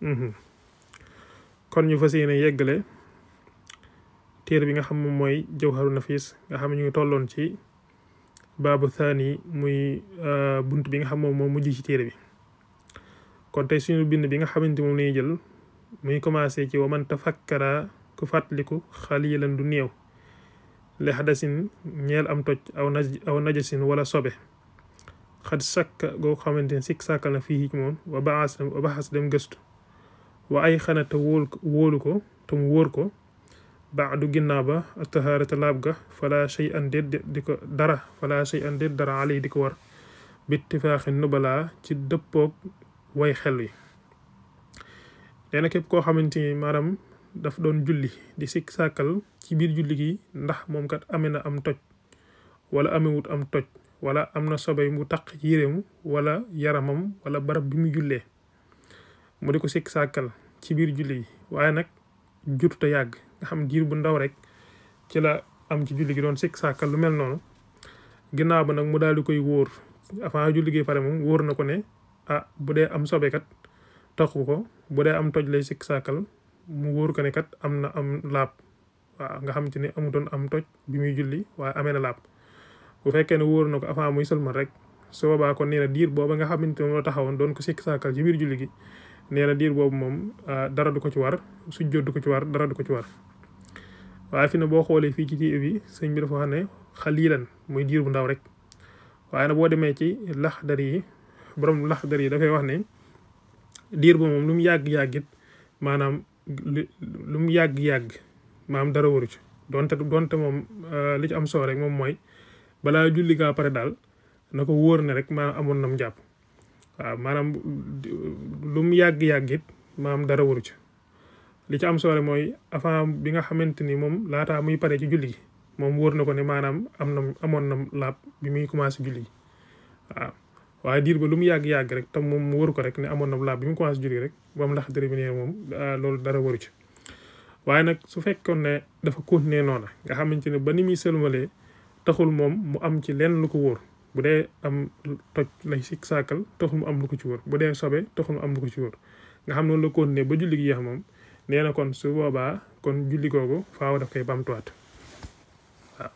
Mhm. kon ñu fas yéene yeggale téere bi nga xam moom mooy jawharu nafis nga xam ne ñu ngi tolloon ci baabu thani muy euh, bunt bi nga xam moom moo mujj ci téere bi kon tey suñu bind bi nga xamante moom lañuy jël muy commencé ci waman tafakkara ku fàttaliku xalilan du néew li xadasin ñeel am toj aw naj aw najasin wala sobe xat sakka goo xamante ne sikk sàkkal na fii ci moom wa baxas dem gëstu وأي wóolu ko te mu wóor ko baadu ginnaaw ba tahaarata laab ga fala shay an déet دكور ko dara fala shay an déet dara alay di ko war bittifaaxi nubalaa ci dëppoog way xel yi nee na képp koo xamante ni maanaam daf doon julli di sikk sàkkal ci biir julli gi ndax moom kat amee na am toj wala amewut am toj wala am na sobey mu taq yéreem wala yaramam wala barab bi mu jullee mu di ko sikk sàkkal ci biir julli gi waaye nag jurta yàgg nga xam diir bu ndaw rek ci la am ci julli gi doon sikk sàkkal lu mel noonu ginnaaw ba nag mu daal di koy wóor avant julli gi pare moom wóor na ko ne ah bu dee am sobekat taxu ko bu dee am toj lay sikk sàkkal mu wóor ko ne am na am laab waaw nga xam te ne amutoon am toj bi muy julli waaye amee na laab bu fekkee ne wóor na ko avant muy sëlmal rek su boobaa kon nee na diir booba nga xamante ne moo taxawoon doon ko sikk sàkkal ci biir julli gi nee na diir boobu moom ah, dara du ko ci war sujjóot du ko ci war dara du ko ci war waaye fi ne boo xoolee fii ci téere bi sëñ bi dafa wax ne xaliilan mooy diir bu ndaw rek waaye na boo demee ci lax laxdar yi borom laxdar yi dafay wax ne diir boobu moom lu mu yàgg-yàgg it maanaam lu mu yàgg-yàgg maanaam dara waru ci donte donte moom ah, li ci am soo rek moom mooy balaa julli gaa pare daal na ko wóor ne rek maanaam amoon na mu jàpp waaw maanaam lu mu yàgg-yàgg it maam dara waru ci li ci am solo mooy avant bi nga xamante ni moom laataa muy pare ci julli gi moom wóor na ko ne maanaam am na amoon na laab bi muy commencé julli gi waaw waaye diir ba lu mu yàgg-yàgg rek tam moom mu wóor ko rek ne amoon na laab bi mu commencé julli rek ba mu lax terminé moom ah, loolu dara waru ca waaye nag su fekkoon ne dafa continuer noona nga xamante ne ba ni muy sëlmalee taxul moom mu am ci lenn lu ko wóor bu dee am toj lay si saakal taxul mu am lu ko ci wër bu dee sobe taxul mu am lu ko ci wër nga xam noonu la continuer ba julli gi yeex moom nee na kon su boobaa kon julli googu faaw daf koy bamtuwaat waaw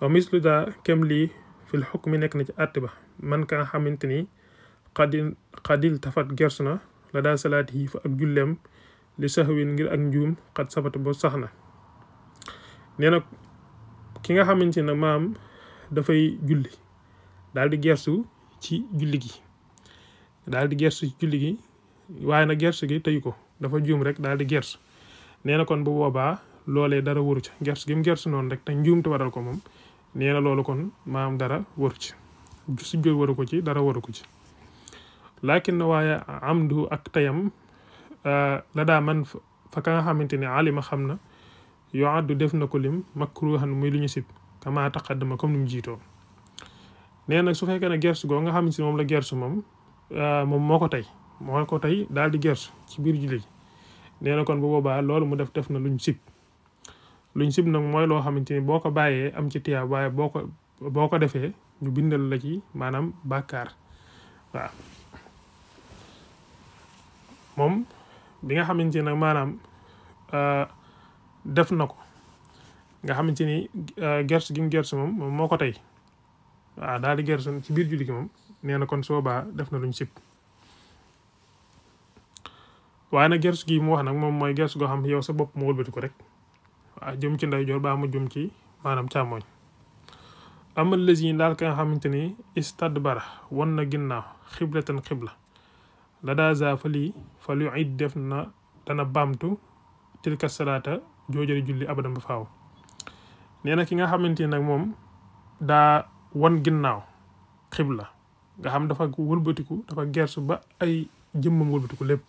wa mislu daa kem lii fil xukmi nekk na ci àtt ba man ka nga xamante ni xadil xadil tafat gersu na la daa salaat yi fa ak julleem li saxwin ngir ak njuum xat sabat ba sax na nee na ki nga xamante ne maam dafay julli daal di gersu ci julli gi daal di gersu ci julli gi waaye nag gersu gi tëyu ko dafa juum rek daal di gersu nee na kon bu boobaa loole dara waru ca gersu gim gersu noonu rek te njuumte waral ko moom nee na loolu kon maam dara waru ci sujjóot waru ko ci dara waru ko ci laakin na waaye amdu ak tayam euh, la daa man fa ka nga xamante ne alima xam na du def na ko xam makruhan muy lu ñu sib kama taqaddama comme ni mu jiitoo nee nag su fekkee ne gersu goo nga xam ne si moom la gersu moom euh, moom moo ko tey moo ko tey daal di gersu ci biir julli nee na kon bu boobaa loolu mu def def na luñ sib luñ sib nag mooy loo xamante ni boo ko bàyyee am ci tiyaab waaye boo ko boo ko defee ñu bindal la ci maanaam bàkkaar bi nga xamante ne maanaam euh, def na ko nga xamante ni euh, gers gi gers moom moom moo ko tey waaw daal di gers ci biir julli gi moom nee na kon soobaa def na luñ sib waaye nag gers gi mu wax nag moom mooy gers goo xam yow sa bopp moo wëlbati ko rek waaw jëm ci ndeyjoor baa mu jëm ci maanaam càmmooñ amal les yi daal ka nga xamante ni istadbara wan na ginnaaw xiblatan xibla la daa za fa lii fa lu it def na dana baamtu tilka salaata jooju julli abadam ba faaw neena na ki nga xamanteni nak mom da won ginnaw ginnaaw nga xam dafa wulbeutiku dafa gersu ba ay jëmmam wulbeutiku lepp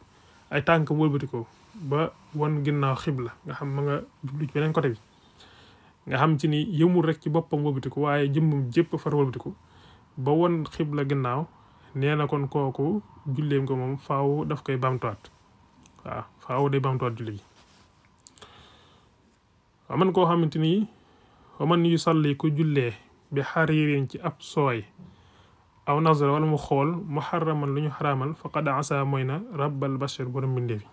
ay tànkam wulbeutiku ba won ginnaaw qibla nga xam ma nga jublu ci benen côté bi nga xam ci ni yëmul rek ci bopam wulbeutiku waye jëmum jépp far wulbeutiku ba won qibla ginnaaw neena na kon koku jullem ko mom faaw daf koy bamtuat waaw faaw day bamtuat julli waman koo xamante ni man yu salli ku jullee bi xariirin ci ab sooy aw nazara wala mu xool muharraman lu ñu xaraamal faqad asa mooy na rabbal bashar borom mbindeef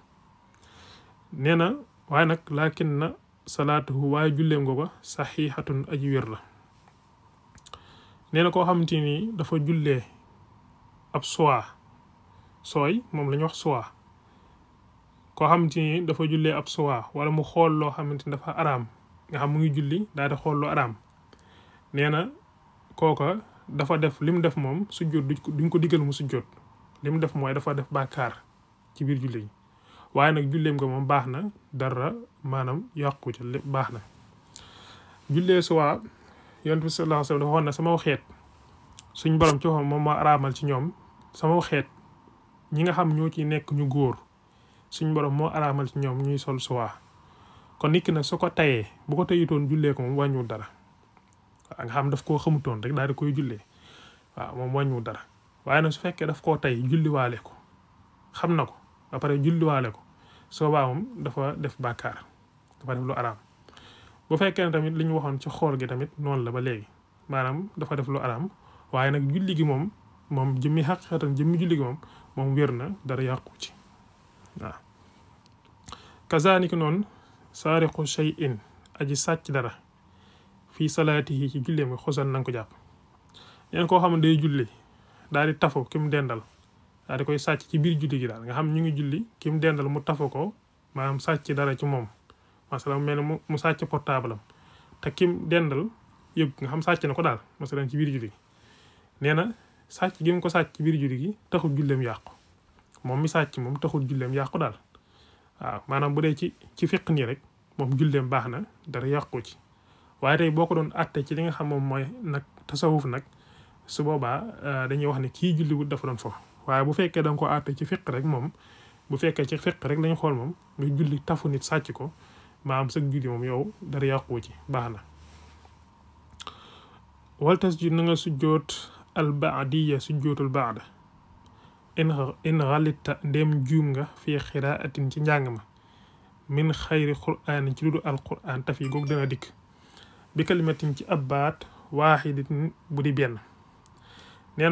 nee na waaye nag laakin na salaatuhu waaye julleem nga ba saxiixatun aji wér la nee na koo xamante ni dafa jullee ab soie sooy moom la wax soie koo xamante ni dafa jullee ab suwa wala mu xool loo xamante ni dafa araam nga xam mu ngi julli daal di xool lu araam nee na kooka dafa def li mu def moom sujjóot duñ ko diggal mu sujjóot li mu def mooy dafa def bàkkaar ci biir julli yi waaye nag julleem nga moom baax na dara maanaam yàqu ca lépp baax na julle suwa yonent bi sallallahu alayhi wasallam dafa sama xeet suñ borom ci waxoon moom moo araamal ci ñoom sama xeet ñi nga xam ñoo ci nekk ñu góor suñ borom moo araamal ci ñoom ñuy sol suwaa kon nit ki nag su ko tayee bu ko tayutoon jullee ko moom wàññiwul dara xam daf koo xamutoon rek daal koy jullee moom wàññiwul dara waaye nag su fekkee daf koo tay julliwaale ko xam na ko ba julliwaale ko soo baa moom dafa def bàkkaar dafa def lu araam bu fekkee ne tamit li ñu waxoon ci xoor gi tamit noonu la ba léegi maanaam dafa def lu araam waaye nag julli gi moom moom jëmmi xaqiqatan jëmmi julli gi moom moom wér na dara yàqu ci waaw kazaalika noonu saariqu shay'in aji sàcc dara fii salaatihi ci julleem xosan na nga ko jàpp leen koo xam ne day julli daal di tafu ki mu dendal daal koy sàcc ci biir julli gi daal nga xam ñu ngi julli ki mu dendal mu tafu ko maanaam sàcc dara ci moom masalan mel ne mu sàcc portable am te ki mu dendal yëg nga xam sàcc na ko daal masalan ci biir julli gi nee na sàcc gi ko sàcc ci biir julli gi taxul julleem yàqu moom mi sàcc moom taxul julleem yàqu daal waaw maanaam bu dee ci ci fiq nii rek moom julleem baax na dara yàqu ci waaye tey boo ko doon atte ci li nga xam moom mooy nag tasawuf nag su boobaa euh, dañuy wax ne kii julliwut dafa doon waaye bu fekkee da nga ci fiq rek moom bu fekkee ci fiq rek lañ xool moom nga julli tafu nit sàcc ko maam sëg julli moom yow dara yàqu ci baax na wal tasjud na nga sujjoot al baadiya baax baada in xalita ndem juum nga fi xiraatin ci njàng ma min xayri qur'aan ci ludu alqur'aan taf yi goog dana dikk bi kalimatin ci ab baat waaxidatin bu di benn nee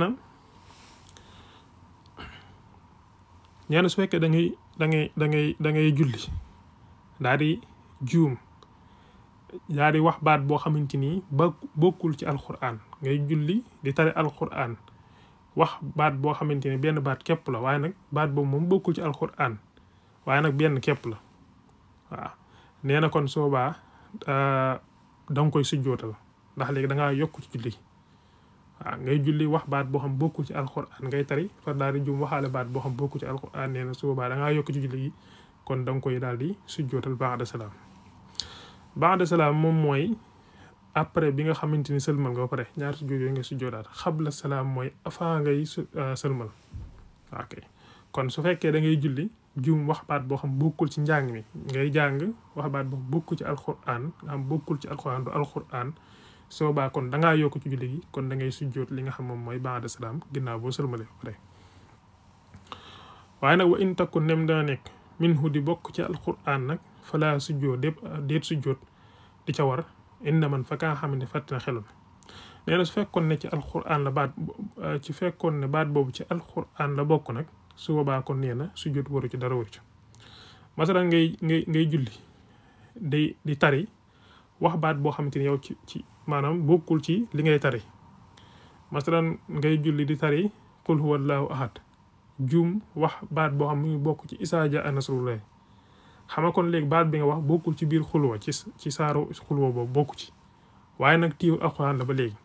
na su fekkee dangay ngay da dangay da ngay da ngay julli daa di juum daa di wax baat boo xamante ni bokkul ci alqur'aan ngay julli di tare alqur'aan wax baat boo xamante ne benn baat képp la waaye nag baat boobu moom bokkul ci alquran waaye nag benn képp la waaw nee na kon soobaa euh, da nga koy sujjootal ndax léegi da ngaa yokk ci julli waaw ngay julli wax baat boo xam bokkul ci alquran ngay tari fa daal di jum waxaale baat boo xam bokkul ci alquran nee na soobaa da yokk ci julli kon da koy daal di sujjootal ba'da salaam ba'da salaam moom mooy. après bi nga xamante ni sëlmal nga ba pare ñaari sujjóot yooyu nga sujjóotaat xabla salaam mooy avant ngay euh, sëlmal ok kon su fekkee da ngay julli juum wax boo xam bokkul ci njàng mi ngay jàng wax baat boo xam bokkul ci alxuraan nga xam bokkul ci alxuraan du kon da yokk ci julli kon da ngay sujjóot li xam moom mooy baada salaam ginnaaw boo sëlmalee ba pare waaye nag in takku nem daa nekk min hu di bokk ci alxuraan nag falaa sujjóot dépp déet sujjóot di ca إنما من فكاها من فتنة خلوة لأنه فكون نتي القرآن لبعد تي فكون نبعد بوب تي القرآن لبوكونك سوى باكون نينا سجود بوري تي داروي مثلا نجي نجي نجي جولي دي دي تاري واخ بعد بو خامتيني ياو تي تي مانام بوكول تي لي نجي تاري مثلا نجي جولي دي تاري قل هو الله احد جوم واخ بعد بو خامتيني بوكو تي اسا جاء الله xam nga kon léegi baat bi nga wax bokul ci bir xulwa ci ci saaru xulwa boobu bokku ci waye nak tiiw alquran la ba léegi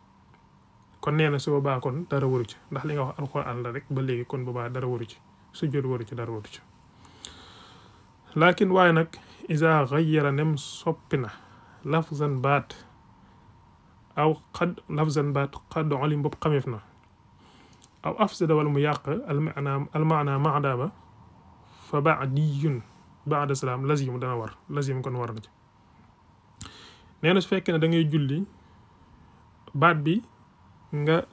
kon neena su boobaa kon dara waru ci ndax li nga wax alquran la rek ba léegi kon boobaa dara waru ci su jot waru ci dara waru ci lakin waye nak iza ghayyara nem sopina lafzan baat aw qad lafzan baat qad ulim bob xameef aw afsada wal muyaq al ma'na al ma'na ma'daba fa ba'diyun baada salaam lazim dana war lazim kon na ci nee na su fekkee ne da ngay baat bi nga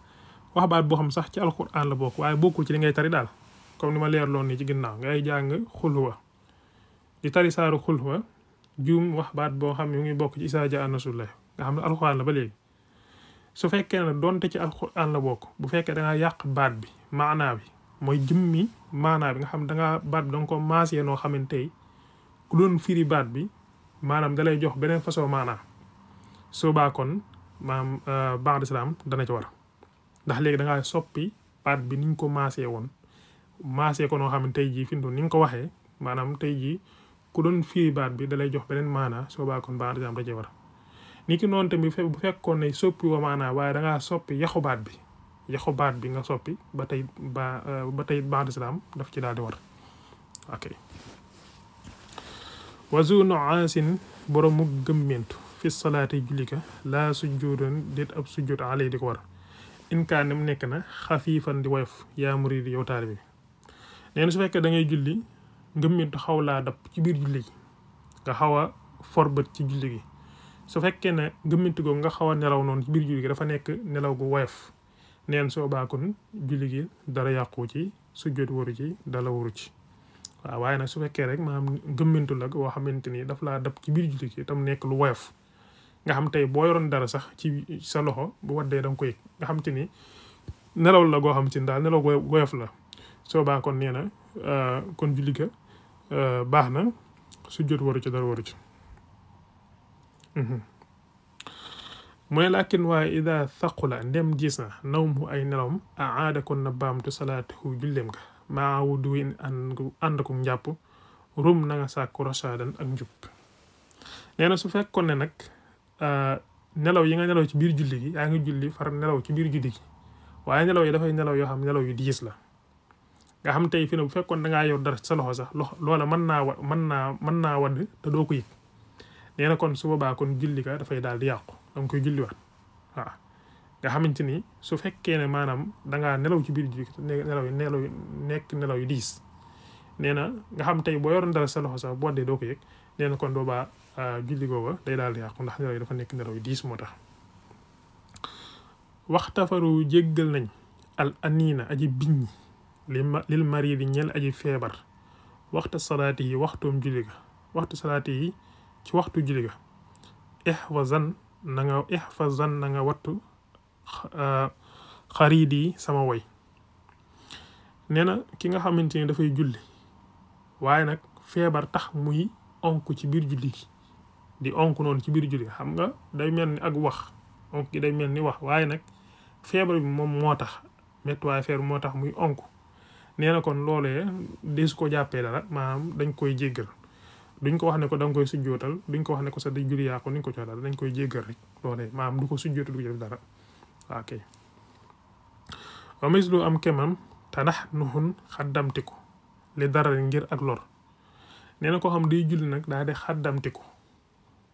wax baat boo xam sax ci alquran la bokk waaye bokkul ci li ngay tari daal comme ni ma leerloon nii ci ginnaaw ngay jàng xulwa di tari saaru xulwa juum wax baat boo xam ne mu ngi bokk ci isaa jaa nasrullah nga xam ne alquran la ba léegi su fekkee ne donte ci alquran la bokk bu fekkee da nga yàq baat bi maanaa bi mooy jëmmi maanaa bi nga xam danga baat bi da nga ko maasee noo xamante ku doon firi baat bi maanaam da lay jox beneen façon maanaa soo baa kon maam euh, baax dana ci war ndax léegi da ngaa soppi baat bi niñ ko woon maasee ko noo xam ne tey jii fi mu ni nga ko waxee maanaam tey ji ku doon firi baat bi da lay jox beneen maanaa soo baa kon baax islaam da ci war ni ki noonu tamit bu fekkoon ne soppi wa maanaa waaye da ngaa soppi yaxu baat bi yaxu baat bi nga soppi ba tey ba euh, ba tey baat islaam daf ci daal di war ok wazu noasin boroomu gëmmentu fi salaati jullika laa sujjuudoon déet ab sujjuut alay di ko war inkaan mu nekk na xafiifan di woyof yaa murid yow taalibe bi nee su fekkee da ngay julli ngëmmintu xaw laa dab ci biir julli gi nga xaw a forbët ci julli gi su fekkee ne ngëmmintu googu nga xawa a nelaw noonu ci biir julli gi dafa nekk nelaw gu woyof neen soo baakon julli gi dara yàqu ci su sujjóot waru ci dala waru ci waaw waaye nag su fekkee rek maanaam gëmmintu boo xamante ni daf laa dab ci biir julli gi tam lu woyof nga xam tey boo yoroon dara sax ci sa loxo bu waddee da koy nga xam te ni nelaw la goo xam te ni daal nelaw woyof la soo baakon nee na euh, kon julli ga euh, baax na sujjóot waru ci dara waru ci mhm. mu ne laakin waaye ida thaqula ndem diis na nawmu ay nelawam aada kon na baamtu salaatuhu jullem ga maa wudu in nga sàkku rashaadan ak njub nee na su fekkoon ne nag ah, nelaw yi nga nelaw ci biir julli gi yaa ngi julli far nelaw ci biir julli gi waaye nelaw yi dafay nelaw yoo xam nelaw yu diis la nga xam tey fi ne fekkoon da ngaa yor dara sa loxo sax loola mën naa mën naa mën naa wadd te doo ko yëg kon su boobaa kon julli ga dafay daal di yàqu danga koy julli wat wa nga xamanteni su fekkee ne maanaam dangaa nelaw ci biir julli nelaw yi nelaw yi nekk nelaw yu diis nee na nga xam tey boo yoroon dara sa loxo sax boo dee doo ko yëg nee na kon boobaa julli googa day daal di yàqu ndax nelaw yi dafa nekk nelaw yu diis moo tax waxtafaru jéggal nañ al anina aji biñ lil maridi ñel aji feebar waxta salaati yi waxtoom julli ga waxtu salaati yi ci waxtu julli ga ihwazan nanga nga nanga na nga wattu ah, xarid sama woy nee na ki nga xamante ne dafay julli waaye nag feebar tax muy onk ci biir julli gi di onk noonu ci biir julli xam nga day mel ni ak wax onk gi day mel ni wax waaye nag feebar bi moom moo tax méttiwaay feebar moo tax muy onk nee kon loole desu ko jàppee dara maanaam dañ koy jéggal duñ ko wax ne ko da koy sujjootal duñ ko wax ne ko sa julli yaa ko ni ko jox dañ koy jéggal rek loolee maanaam du ko sujjootal du ko def dara ah, ok wa mislu am kemam tanax nuhun xaddamtiku li dara ngir ak lor nee na koo xam day julli nag daa di xaddamtiku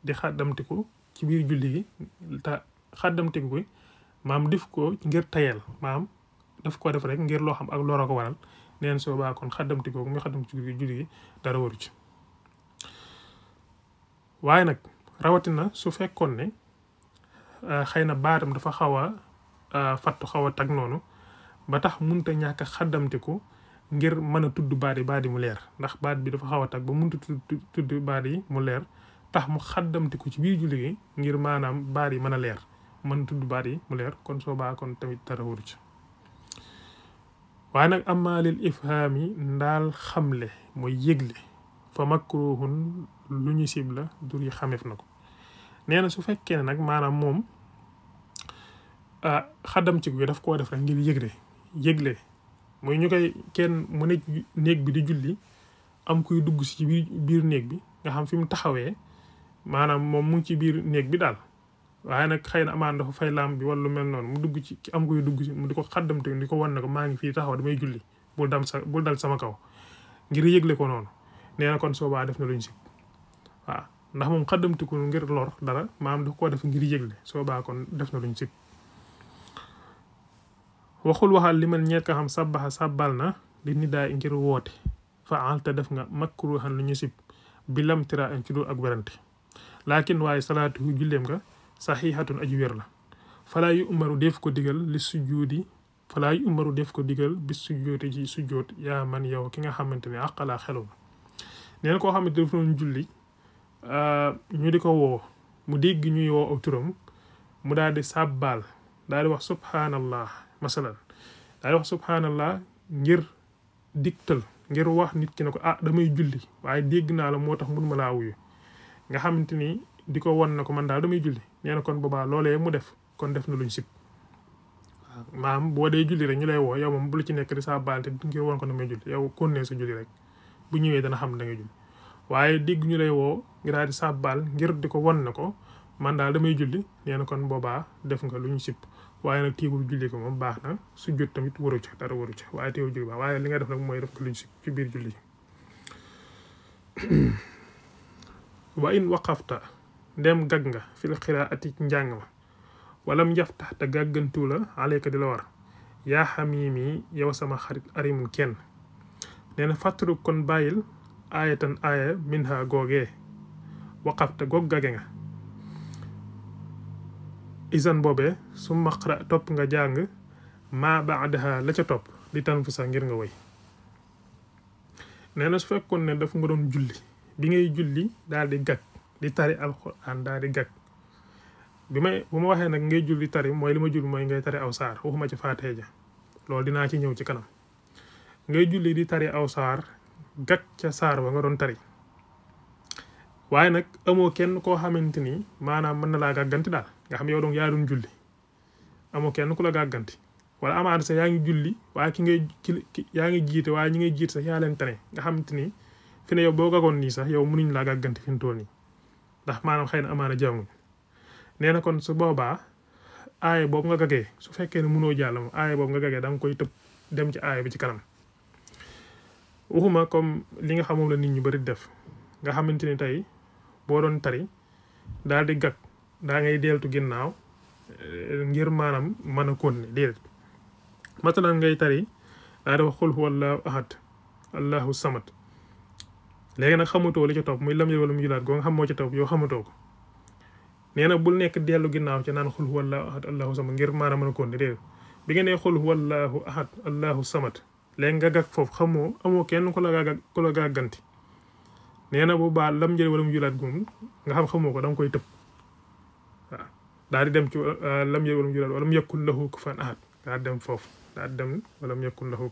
di xaddamtiku ci biir julli gi ta xaddamtiku bi maam def ko ngir tayal maam daf ko def rek ngir loo xam ak lor ko waral neen soo baa kon xaddamtiku mu xaddamtiku julli gi dara waru ci waaye nag rawatina su fekkoon ne euh, xëy na baatam dafa xaw a euh, fattu a tag noonu ba tax munta ñàkk a ko ngir mën a tudd baat yi mu leer ndax baat bi dafa xaw a tag ba munta tudd baat mu leer tax mu ko ci biir julli ngir maanaam baat yi mën a leer mën a tudd baat mu leer kon soo kon tamit dara waru ci waaye nag amma ifhaami ndaal xamle mooy yëgle fa makruhun lu ñu sib la dur yi xameef na ko nee na su fekkee nag maanaam moom xaddam ci gi daf koo def rek ngir yëgle yëgle mooy ñu koy kenn mu nekk néeg bi di julli am kuy dugg ci biir biir néeg bi nga xam fi mu taxawee maanaam moom mu ci biir néeg bi daal waaye nag xëy na amaan dafa fay laam bi wala lu mel noonu mu dugg ci am kuy dugg si mu di ko xaddamte di ko wan na ko maa ngi fii taxaw damay julli bul dam sa bul dal sama kaw ngir yëgle ko noonu nee kon soobaa def na luñ si waaw ndax moom xaddamtikul ngir lor dara maam daf ko def ngir yëgle soo baa kon def na luñ sib waxul waxal li man xam sàbbaxa sàbbal na li ni ngir woote faalta def nga makruhan lu ñu sib bi lam tira en ci dul ak werante laakin waaye salaatu julleem nga saxiixatun aju wér la yu umaru def ko digal li sujjuudi fala yu umaru def ko digal bi sujjooti ci sujjoot yaa man yow ki nga xamante ne àqalaa xelu neen koo xamante dafa julli Eh, ñu di ko woo mu dégg ñuy woo ak turam mu daal di sàbbaal daal di wax subhanallah masalan daal di wax subhanallah ngir dictal ngir wax nit ki ne ko ah damay julli waaye dégg naa la moo tax mun ma laa wuyu nga xamante ni di ko wan na ko man daal damay julli nee na kon boobaa loolee mu def kon def na luñ sib maam boo dee julli rek ñu lay woo yow moom bu la ci nekk di sàbbaal te ngir wan ko damay julli yow konnee sa julli rek bu ñëwee dana xam da ngay julli waaye dégg ñu lay woo nga daal di sàbbaal ngir di ko won na ko man daal damay julli nee na kon boobaa def nga lu ñu sib waaye nag téegul julli ko moom baax na su jot tamit waru ca dara waru ca waaye téegul julli baax waaye li nga def nag mooy def ko lu ñu biir julli wa in waqafta ndem gag nga fil xiraati njàng ma walam njaftax te gàggantu la aleyka di la war yaa yi yi yow sama xarit arimul kenn nee na fàttaru kon bàyyil aayatan aaya minha googee waqafta goog gage nga isan boobee su maqra topp nga jàng ma baadaha la ca topp di sax ngir nga woy nee na su fekkoon ne daf nga doon julli bi ngay julli daal di gag di tari alxuraan daal di gag bi may bu ma waxee nag ngay julli tari mooy li ma jul mooy ngay tari aw saar waxuma ci faatee ja loolu dinaa ci ñëw ci kanam ngay julli di tari aw saar gat ca saar ba nga doon tari waaye nag amoo kenn koo xamante ni maanaam mën na laa gàgganti daal nga xam yow donc yaarum doon julli amoo kenn ku la gàgganti wala amaana sax yaa ngi julli waaye ki ngay ki yaa ngi jiite waaye ñi ngay jiite sax yaa nga xamante ni boo gagoon nii sax yow mënuñ laa gàgganti fi mu toll nii ndax maanaam xëy na amaana jaamuñ nee kon su boobaa aaye boobu nga gagee su fekkee ne mënoo jàll moom aaye boobu nga gagee danga koy tëb dem ci aaye bi ci kanam waxuma comme li nga xam la nit ñu bëri def nga xamante ni tey boo doon tari daal di gag daa ngay deltu ginnaaw eh, ngir maanaam mën a konne déedéet matalan ngay tari daa di wax xul huwallahu ahad allahu samad léegi nag xamatoo li ci topp muy lam yël mu julaat nga xam moo ci topp yow xamatoo ko nee na bul nekk dellu ginnaaw ci naan xul huwallahu ahad allahu samad ngir maanaam mën a konne bi nga nee xul huwallahu ahad allahu samad léegi nga gàgg foofu xamoo amoo kenn kolo la gàgg ku la gàgganti bu baax lam jël wala mu julaat goom nga xam xamoo ko dam koy tëb waaw daal di dem ci euh, lam jël wala mu julaat wala mu yekkul foofu daal di dem wala mu yekkul lahu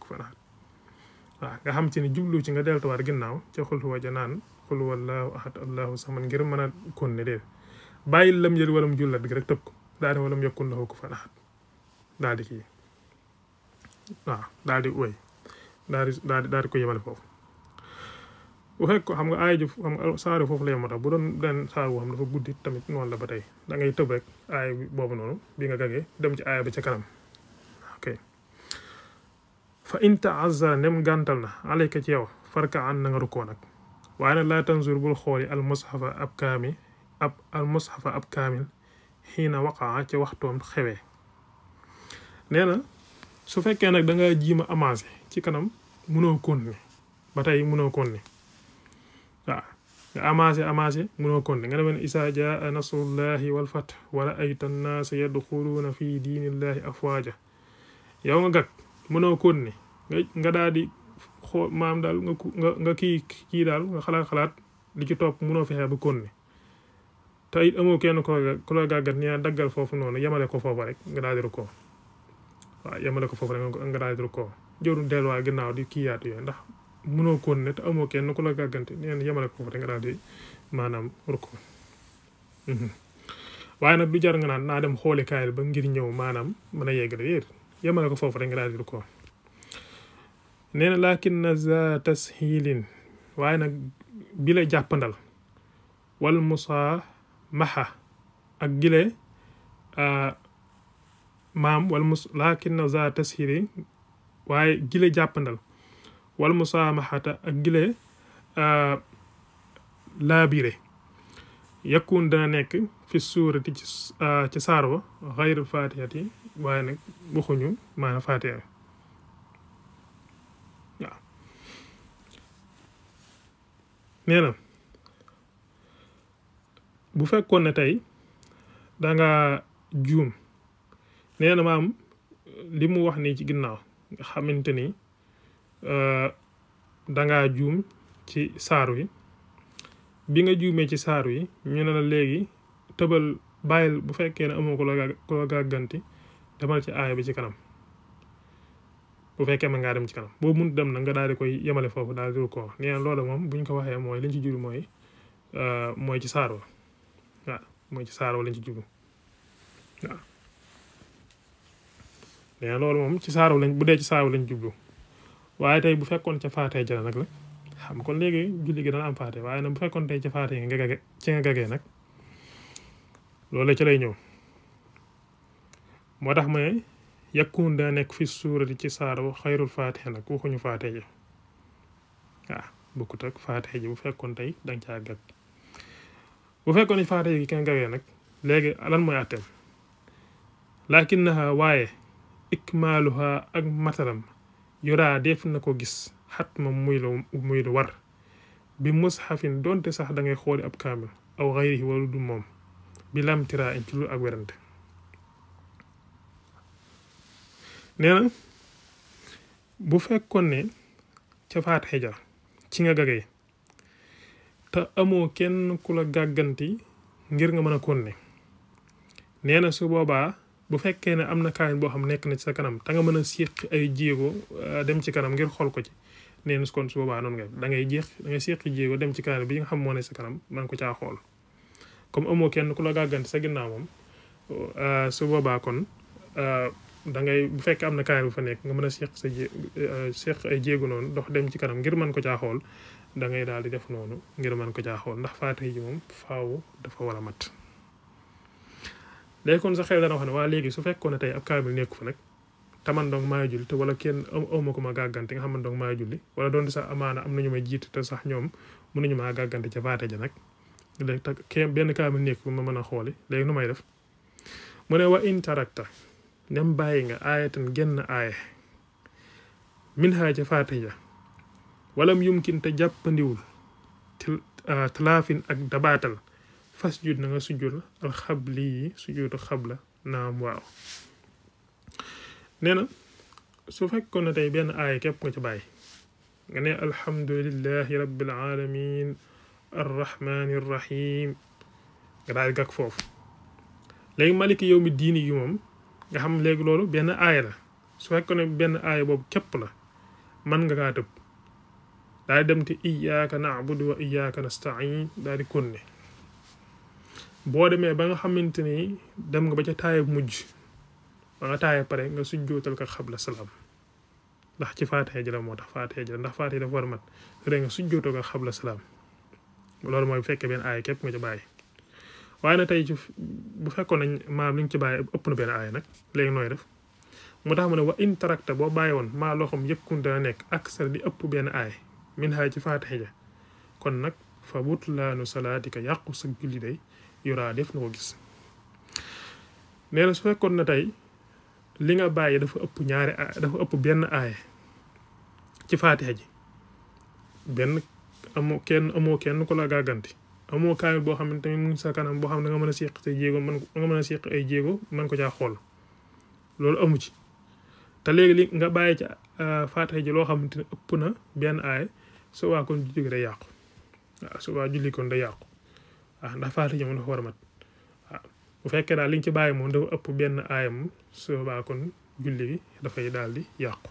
nga xam ci ne jublu ci nga deltuwaat ginnaaw ca xul huwa janaan xul wallahu ahad allahu bàyyi lam jël wala mu julaat gi rek tëb ko daal di wala mu yekkul lahu kufuwan di kii waaw daal di woy daal di daal di daal di ko yemale foofu bu fekk xam nga aay ji xam foofu la yem moo tax bu doon benn saar boo xam dafa guddi tamit noonu ba tey da ngay boobu noonu bi nga gàggee dem ci aaya ba ca kanam fa inta taazara nem gàntal na alayka ci yow farka an na nga rukkoo nag waaye nag laa tanzur bul xooli al mushafa ab kaami ab al mushafa ab kaamil xiina waqaa ca waxtoom xewee nee na su fekkee nag da jiima amancé ci kanam munoo konne ba tey munoo konne waa nga amaasé amaasé munoo konne nga demen isa jaa nasrullahi walfat wala ayta annaasa yadxuluuna fi diinillahi afwaja yow nga gag munoo konne nga nga daa di xoo maam daal nga nga nga kii kii daal nga xalaat xalaat li ci topp munoo fexe ba konne te it amoo kenn ko ko la gàggat nee daggal foofu noonu yemale ko foofu rek nga daal di ru ko waaw yemale ko foofu rek nga daal di rukkoo jëwruñ delluwaay ginnaaw di kii yaatu yooyu ndax mënoo koon ne te amoo kenn ku neen yemale ko foofu rek nga daal di maanaam rukkoo mhm. waaye na du jar nga naan naa dem xooli kaayal ba ngir ñëw maanaam mën a yegg yéer yemale ko foofu rek nga daal di rukkoo nee na laakin waaye nag bi la wal musa maha maam wala mus lakinna za tashiri waaye gile jàppandal wala musamahata ak gile labiré yakkuun dana nekk fi suurati ci ci saarwa xayr fatihati waaye nag waxuñu maana fatiha bi waaw nee na bu fekkoon ne tey da nga juum nee li mu wax nii ci ginnaaw nga xamante ni euh, dangaa juum ci saar wi bi nga juumee ci saar wi ñu ne la léegi tëbal bàyyil bu fekkee ne amoo ko la ko ci aaya bi ci kanam bu fekkee mën ci kanam boo mun dem na nga daal ko wax nee na loolu moom buñ ko waxee mooy liñ ci jublu mooy euh, mooy ci saar mooy ci saar wa lañ ci jublu mais loolu moom ci saaro lañ bu dee ci saaru lañ jublu waaye tey bu fekkoon ca faatee jëla nag la xam kon léegi julli gi dana am faate waaye nag bu fekkoon tey ca faate nga gage ci nag loolu ci lay ñëw moo tax may yakkuun daa nekk fi suurati ci saaru xayrul faate nag waxuñu faate ji waaw bokkut bu fekkoon tey danga gag bu fekkoon faate ji ki nga nag léegi lan mooy àtteem lakinnaha waaye ikmaaluha ak mataram yoraa def na ko gis xatma muy lu muy lu war bi mushafin donte sax dangay ngay xooli ab kaamil aw xayrihi wala du moom bi lamtiraa in ci lu ak werante nee na bu fekkoon ne ca faat xeja ci nga gagee te amoo kenn ku gàgganti ngir nga mën a konne nee su boobaa bu fekkee ne am na kaayaan boo xam nekk na ci sa kanam te nga mën a séq ay jéego euh, dem ci kanam ngir xool ko ci nee na kon su boobaa noonu da ngay jéex da jéego dem ci kaayaan bi nga xam moo ne sa kanam man ko caa xool comme amoo kenn ku la gàggante sa ginnaaw moom euh, su boobaa kon euh, da ngay bu fekkee am na kaayaan bu fa nekk nga mën a séq sa jé séq ay jéego noonu ndox dem ci kanam ngir mën ko caa xool da ngay daal di def noonu ngir mën ko caa xool ndax faatiha ji moom faaw dafa war a mat léegi kon sa xel dana wax ne waa léegi su fekkoon ne tey ab kaamil nekku fa nag te man donc julli te wala kenn awma ko ma gàggante nga xam man donc julli wala doon sax amaana am nañu may jiit te sax ñoom mën nañu maa gàggante ca vaate ja nag léegi te kenn benn kaamil nekk ma mën a xooli léegi nu may def mu ne wa in tarakta nem bàyyi nga aayatan genn aaye min haa ca faate ja walam yumkin te jàppandiwul ah, tilaafin ak dabaatal fasjud na nga sujjul alxabli yi sujjudu xabla naam waaw nee na su fekkoon ne tey benn aaya képp nga ci bàyyi nga ne alhamdulilahi rabbil alamin arrahmani rahim nga daal gàkk foofu léegi maliki yow mi diini yi moom nga xam léegi loolu benn aaya la su fekkoon ne benn aaya boobu képp la mën nga kaa tëb daal dem ti iyaaka naabudu wa iyaaka nastain daal di konne boo demee ba nga xamante ni dem nga ba ca taaya mujj ba nga taaya pare nga sujjootal ko xabla salaam ndax ci faatiha ji la moo tax faatiha ji la ndax faatiha dafa war a mat rek loolu mooy fekkee benn aaya képp nga ci bàyyi. waaye na tey ci bu fekkoon nañ maam li nga ci bàyyi ëpp na benn aaya nag léegi nooy def moo tax mu ne wa in tarakta boo bàyyi woon maa loo xam yëpp kun dana nekk ak sar di ëpp benn aaya min haay ci faatiha ja kon nag fa butlaanu salaatika yàqu sa julli day yura def no gis neena su fekkon na tay li nga baye dafa upp ñaari dafa upp ben ay ci fatiha ji ben amo kenn amo kenn ko la gaganti amo kay bo xamanteni mu sa kanam bo xam nga mën a te say jéego mën nga mën a ay jéego man ko ja xol loolu amu ci ta léegi li nga baye ci fatiha ji lo xamanteni upp na ben ay so wa kon julli ko yaq so wa julli kon da yàqu waaw ah, ndax faati ja moom dafa war a mat ah, bu fekkee daal li ci bàyyi moom dafa ëpp benn aayam su boobaa kon julli dafay daal di yàqu